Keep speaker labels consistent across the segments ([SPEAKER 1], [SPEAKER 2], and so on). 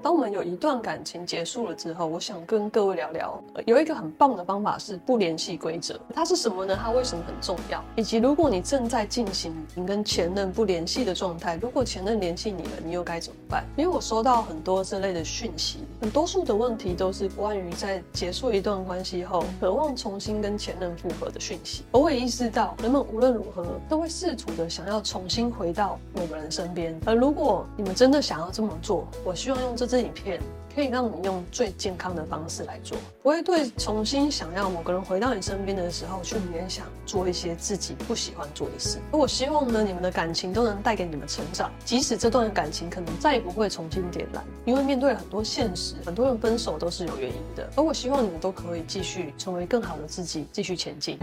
[SPEAKER 1] 當我們有一段感情結束了之後，我想跟各位聊聊。有一個很棒的方法是不聯繫規則，它是什麼呢？它為什麼很重要？以及如果你正在進行你跟前任不聯繫的狀態，如果前任聯繫你了，你又該怎麼辦？因為我收到很多這類的訊息，很多數的問題都是關於在結束一段關係後，渴望重新跟前任復合的訊息。我也意識到，人們無論如何都會試圖的想要重新回到某個人身邊，而如果你們真的想要這麼做，我希望用這。這影片可以讓你用最健康的方式來做，不會對重新想要某個人回到你身邊的時候去聯想做一些自己不喜歡做的事。而我希望呢，你們的感情都能帶給你們成長，即使這段感情可能再也不會重新點燃，因為面對了很多現實，很多人分手都是有原因的。而我希望你們都可以繼續成為更好的自己，繼續前進。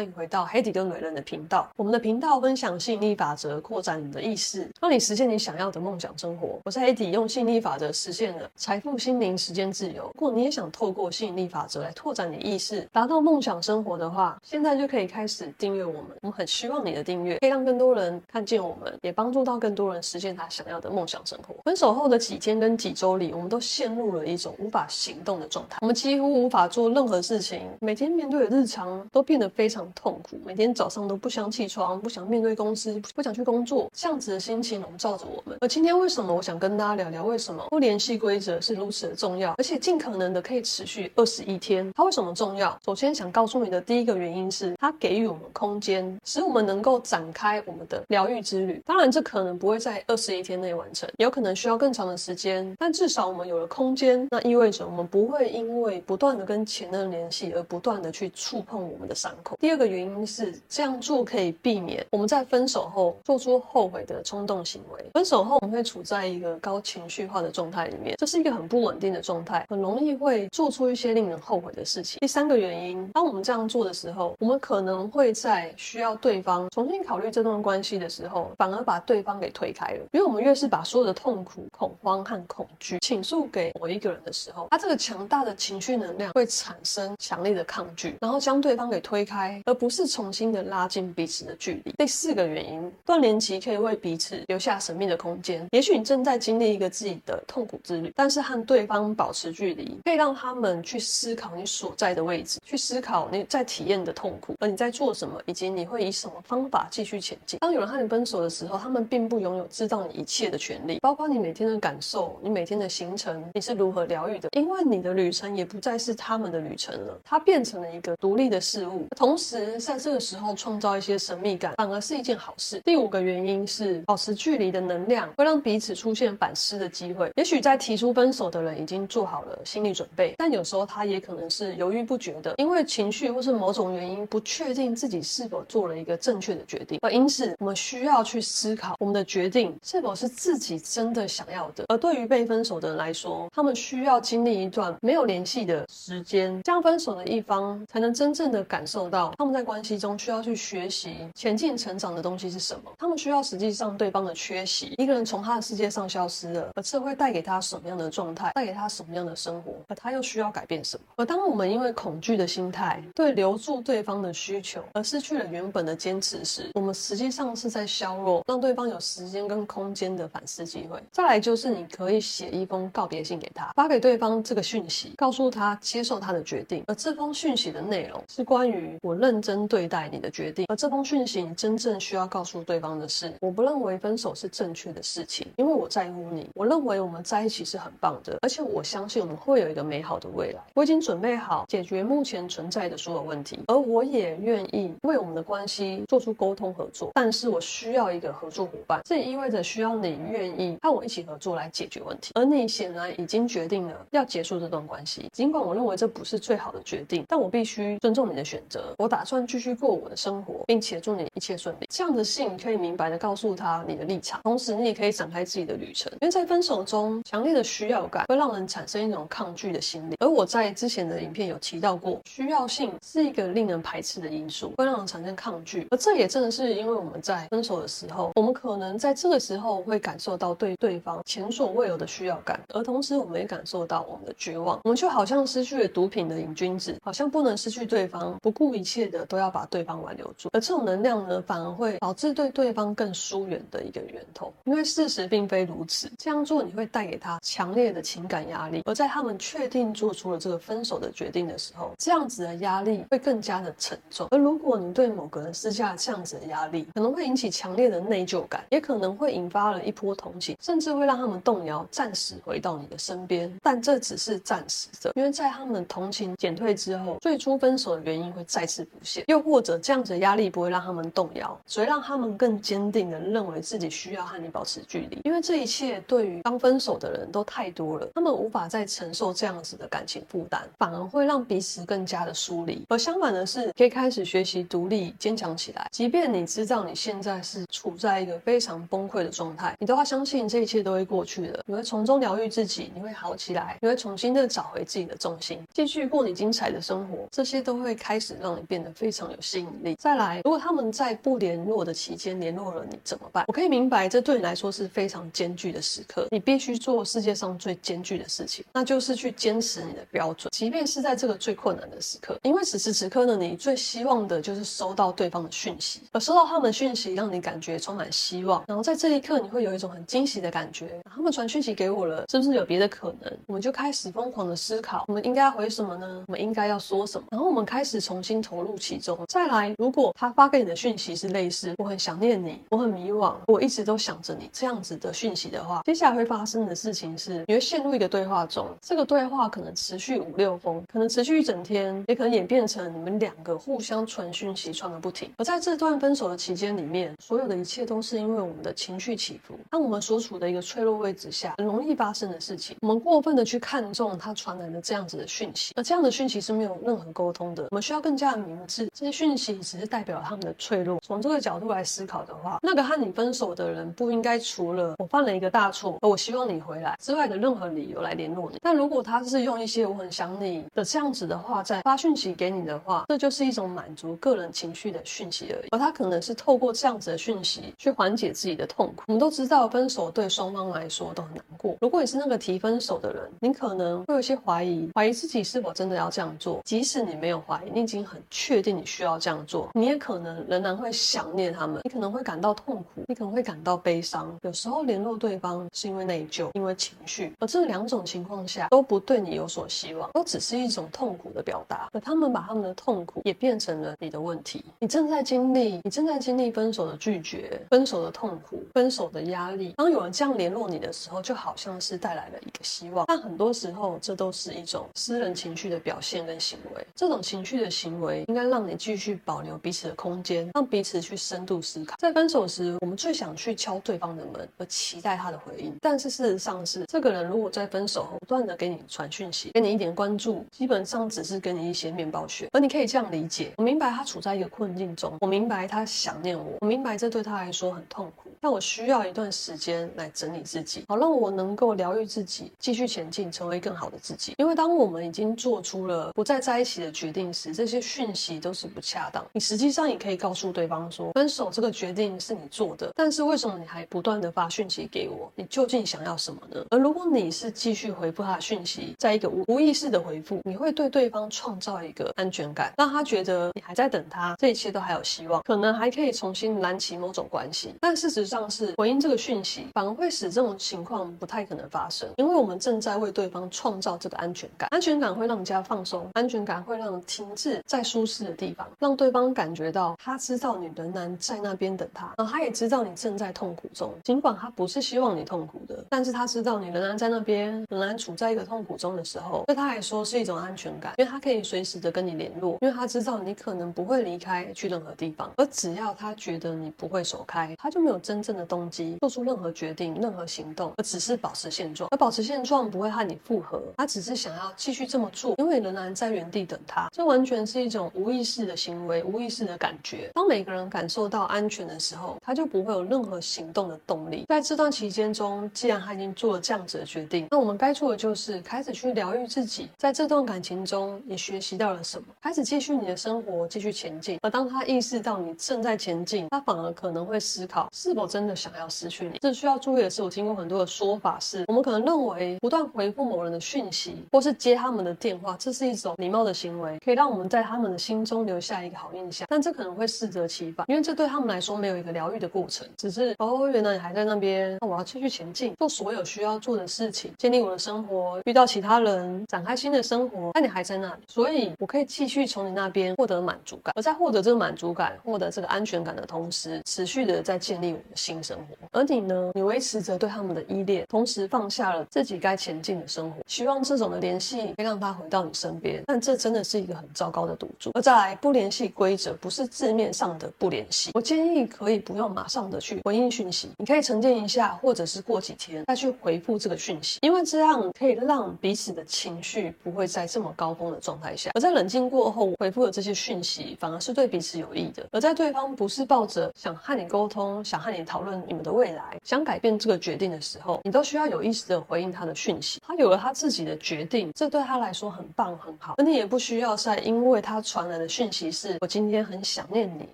[SPEAKER 1] 歡迎回到 Hedi 跟女人的頻道。我們的頻道分享吸引力法則，擴展你的意識，幫你實現你想要的夢想生活。我是 Hedi，用吸引力法則實現了財富、心靈、時間自由。如果你也想透過吸引力法則來拓展你意識，達到夢想生活的話，現在就可以開始訂閱我們。我們很希望你的訂閱可以讓更多人看見我們，也幫助到更多人實現他想要的夢想生活。分手後的幾天跟幾周裡，我們都陷入了一種無法行動的狀態，我們幾乎無法做任何事情，每天面對的日常都變得非常。痛苦，每天早上都不想起床，不想面對公司，不想去工作，這樣子的心情籠罩着我們。而今天為什麼我想跟大家聊聊，為什麼不聯繫規則是如此的重要，而且盡可能的可以持續二十一天？它為什麼重要？首先想告訴你的第一個原因是，它給予我們空間，使我們能夠展開我們的療癒之旅。當然，這可能不會在二十一天內完成，也有可能需要更長的時間。但至少我們有了空間，那意味着我們不會因為不斷的跟前任聯繫而不斷的去觸碰我們的傷口。第二。個原因是這樣做可以避免我們在分手後做出後悔的衝動行為。分手後，我們會處在一個高情緒化的狀態裡面，這是一個很不穩定的狀態，很容易會做出一些令人後悔的事情。第三個原因，當我們這樣做的時候，我們可能會在需要對方重新考慮這段關係的時候，反而把對方給推開了。因為我們越是把所有的痛苦、恐慌和恐懼傾訴給某一個人的時候，他這個強大的情緒能量會產生強烈的抗拒，然後將對方給推開。而不是重新的拉近彼此的距離。第四個原因，斷聯期可以為彼此留下神秘的空間。也許你正在經歷一個自己的痛苦之旅，但是和對方保持距離，可以讓他們去思考你所在的位置，去思考你在體驗的痛苦，而你在做什麼，以及你會以什麼方法繼續前進。當有人和你分手的時候，他們並不擁有知道你一切的權利，包括你每天的感受、你每天的行程、你是如何療癒的，因為你的旅程也不再是他們的旅程了，它變成了一個獨立的事物，同時。在這個時候創造一些神秘感，反而是一件好事。第五個原因是保持距離的能量會讓彼此出現反思的機會。也許在提出分手的人已經做好了心理準備，但有時候他也可能是猶豫不決的，因為情緒或是某種原因不確定自己是否做了一個正確的決定。而因此，我們需要去思考我們的決定是否是自己真的想要的。而對於被分手的人來說，他們需要經歷一段沒有聯繫的時間，這樣分手的一方才能真正的感受到。他們在關係中需要去學習前進成長的東西是什麼？他們需要實際上對方的缺席，一個人從他的世界上消失了，而這會帶給他什麼樣的狀態？帶給他什麼樣的生活？而他又需要改變什麼？而當我們因為恐懼的心態對留住對方的需求而失去了原本的堅持時，我們實際上是在削弱讓對方有時間跟空間的反思機會。再來就是你可以寫一封告別信給他，發給對方這個訊息，告訴他接受他的決定。而這封訊息的內容是關於我認。認真對待你的決定。而這封訊息真正需要告訴對方的是，我不認為分手是正確的事情，因為我在乎你。我認為我們在一起是很棒的，而且我相信我們會有一個美好的未來。我已經準備好解決目前存在的所有問題，而我也願意為我們的關係做出溝通合作。但是我需要一個合作夥伴，這也意味着需要你願意和我一起合作來解決問題。而你顯然已經決定了要結束這段關係，儘管我認為這不是最好的決定，但我必須尊重你的選擇。我打。打算繼續過我的生活，並且祝你一切順利。這樣的信可以明白地告訴他你的立場，同時你也可以展開自己的旅程。因為在分手中，強烈的需要感會讓人產生一種抗拒的心理。而我在之前的影片有提到過，需要性是一個令人排斥的因素，會讓人產生抗拒。而這也正是因為我們在分手的時候，我們可能在這個時候會感受到對對方前所未有的需要感，而同時我們也感受到我們的絕望。我們就好像失去了毒品的癮君子，好像不能失去對方，不顧一切。都要把對方挽留住，而這種能量呢，反而會導致對對方更疏遠的一個源頭。因為事實並非如此，這樣做你會帶給他強烈的情感壓力。而在他們確定做出了這個分手的決定的時候，這樣子的壓力會更加的沉重。而如果你對某個人施加這樣子的壓力，可能會引起強烈的內疚感，也可能會引發了一波同情，甚至會讓他們動搖，暫時回到你的身邊。但這只是暫時的，因為在他們同情減退之後，最初分手的原因會再次不。又或者這樣子的壓力不會讓他們動搖，所以讓他們更堅定的認為自己需要和你保持距離，因為這一切對於剛分手的人都太多了，他們無法再承受這樣子的感情負擔，反而會讓彼此更加的疏離。而相反的是，可以開始學習獨立、堅強起來。即便你知道你現在是處在一個非常崩潰的狀態，你都要相信這一切都會過去的，你會從中療癒自己，你會好起來，你會重新的找回自己的重心，繼續過你精彩的生活。這些都會開始讓你變得。非常有吸引力。再來，如果他們在不聯絡的期間聯絡了你怎麼辦？我可以明白，這對你來說是非常艱鉅的時刻。你必須做世界上最艱鉅的事情，那就是去堅持你的標準，即便是在這個最困難的時刻。因為此時此刻呢，你最希望的就是收到對方的訊息，而收到他們的訊息，讓你感覺充滿希望。然後在這一刻，你會有一種很驚喜的感覺。他們傳訊息給我了，是不是有別的可能？我們就開始瘋狂的思考，我們應該要回什麼呢？我們應該要說什麼？然後我們開始重新投入。其中，再來，如果他發給你的訊息是類似“我很想念你，我很迷惘，我一直都想着你”這樣子的訊息的話，接下來會發生的事情是，你會陷入一個對話中，這個對話可能持續五六封，可能持續一整天，也可能演變成你們兩個互相傳訊息，傳個不停。而在這段分手的期間裡面，所有的一切都是因為我們的情緒起伏，當我們所處的一個脆弱位置下，很容易發生的事情，我們過分的去看重他傳來的這樣子的訊息，而這樣的訊息是沒有任何溝通的，我們需要更加的明白。是，這些訊息只是代表他們的脆弱。從這個角度來思考的話，那個和你分手的人不應該除了我犯了一個大錯，而我希望你回來之外的任何理由來聯絡你。但如果他是用一些我很想你的這樣子的話，在發訊息給你的話，這就是一種滿足個人情緒的訊息而已。而他可能是透過這樣子的訊息去緩解自己的痛苦。我們都知道，分手對雙方來說都很難過。如果你是那個提分手的人，你可能會有些懷疑，懷疑自己是否真的要這樣做。即使你沒有懷疑，你已經很確。確定你需要這樣做，你也可能仍然會想念他們，你可能會感到痛苦，你可能會感到悲傷。有時候聯絡對方是因為內疚，因為情緒，而這兩種情況下都不對你有所希望，都只是一種痛苦的表達。而他們把他們的痛苦也變成了你的問題。你正在經歷，你正在經歷分手的拒絕、分手的痛苦、分手的壓力。當有人這樣聯絡你的時候，就好像是帶來了一個希望，但很多時候這都是一種私人情緒的表現跟行為。這種情緒的行為應該。讓你繼續保留彼此的空間，讓彼此去深度思考。在分手時，我們最想去敲對方的門，而期待他的回應。但是事實上是，這個人如果在分手後不斷的給你傳訊息，給你一點關注，基本上只是給你一些麵包屑。而你可以這樣理解：我明白他處在一個困境中，我明白他想念我，我明白這對他來說很痛苦。但我需要一段時間來整理自己，好讓我能夠療癒自己，繼續前進，成為更好的自己。因為當我們已經做出了不再在一起的決定時，這些訊息。都是不恰當。你實際上也可以告訴對方說，分手這個決定是你做的，但是為什麼你還不斷的發訊息給我？你究竟想要什麼呢？而如果你是繼續回復他的訊息，在一個無無意識的回復，你會對對方創造一個安全感，讓他覺得你還在等他，這一切都還有希望，可能還可以重新燃起某種關係。但事實上是回應這個訊息，反而會使這種情況不太可能發生，因為我們正在為對方創造這個安全感。安全感會讓人家放鬆，安全感會讓停滯在舒適的地方，讓對方感覺到他知道你仍然在那邊等他，然後他也知道你正在痛苦中。儘管他不是希望你痛苦的，但是他知道你仍然在那邊，仍然處在一個痛苦中的時候，對他來說是一種安全感，因為他可以隨時的跟你聯絡，因為他知道你可能不會離開去任何地方，而只要他覺得你不會走開，他就沒有真正的動機做出任何決定、任何行動，而只是保持現狀。而保持現狀不會和你復合，他只是想要繼續這麼做，因為仍然在原地等他。這完全是一種無。無意識的行為，無意識的感覺。當每個人感受到安全的時候，他就不會有任何行動的動力。在這段期間中，既然他已經做了這樣子的決定，那我們該做的就是開始去療癒自己。在這段感情中，你學習到了什麼？開始繼續你的生活，繼續前進。而當他意識到你正在前進，他反而可能會思考是否真的想要失去你。這需要注意的是，我聽過很多的說法是，我們可能認為不斷回覆某人的訊息，或是接他們的電話，這是一種禮貌的行為，可以讓我們在他們的心。中留下一個好印象，但這可能會適得其反，因為這對他們來說沒有一個療癒的過程，只是哦，原來你還在那邊，那、啊、我要繼續前進，做所有需要做的事情，建立我的生活，遇到其他人，展開新的生活。那你還在那裡，所以我可以繼續從你那邊獲得滿足感，而在獲得這個滿足感、獲得這個安全感的同時，持續的在建立我的新生活。而你呢，你維持着對他們的依戀，同時放下了自己該前進的生活，希望這種的聯繫可以讓他回到你身邊。但這真的是一個很糟糕的賭注，而在。在不聯繫規則不是字面上的不聯繫，我建議可以不用馬上的去回應訊息，你可以沉澱一下，或者是過幾天再去回復這個訊息，因為這樣可以讓彼此的情緒不會在這麼高峰的狀態下。而在冷靜過後回復的這些訊息，反而是對彼此有益的。而在對方不是抱着想和你溝通、想和你討論你們的未來、想改變這個決定的時候，你都需要有意識的回應他的訊息。他有了他自己的決定，這對他來說很棒很好，而你也不需要再因為他傳了。的訊息是我今天很想念你，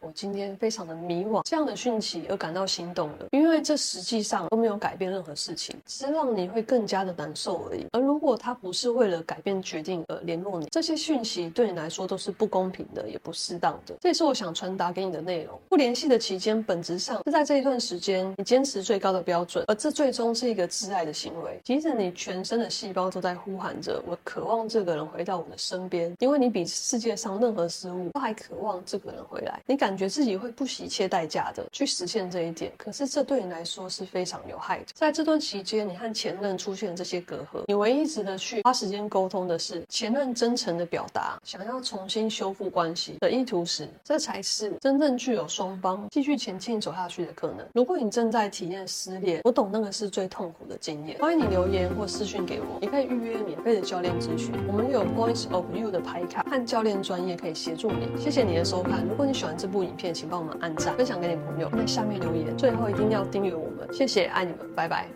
[SPEAKER 1] 我今天非常的迷惘、這樣的訊息而感到心動的，因為這實際上都沒有改變任何事情，只是讓你會更加的難受而已。而如果他不是為了改變決定而聯絡你，這些訊息對你來說都是不公平的，也不適當的。這也是我想傳達給你的內容。不聯繫的期間，本質上是在這一段時間你堅持最高的標準，而這最終是一個自愛的行為。即使你全身的細胞都在呼喊着我渴望這個人回到我的身邊，因為你比世界上任何。失誤，都還渴望這個人回來，你感覺自己會不惜一切代價的去實現這一點，可是這對你來說是非常有害的。在這段期間，你和前任出現這些隔閡，你唯一值得去花時間溝通的是前任真誠的表達想要重新修復關係的意圖時，這才是真正具有雙方繼續前進走下去的可能。如果你正在體驗失戀，我懂那個是最痛苦的經驗。歡迎你留言或私訊給我，你可以預約免費的教練諮詢。我們有 Points of You 的牌卡和教練專業可以。協助你，謝謝你的收看。如果你喜歡這部影片，請幫我們按讚、分享給你朋友，在下面留言。最後一定要訂閱我們，謝謝，愛你們，拜拜。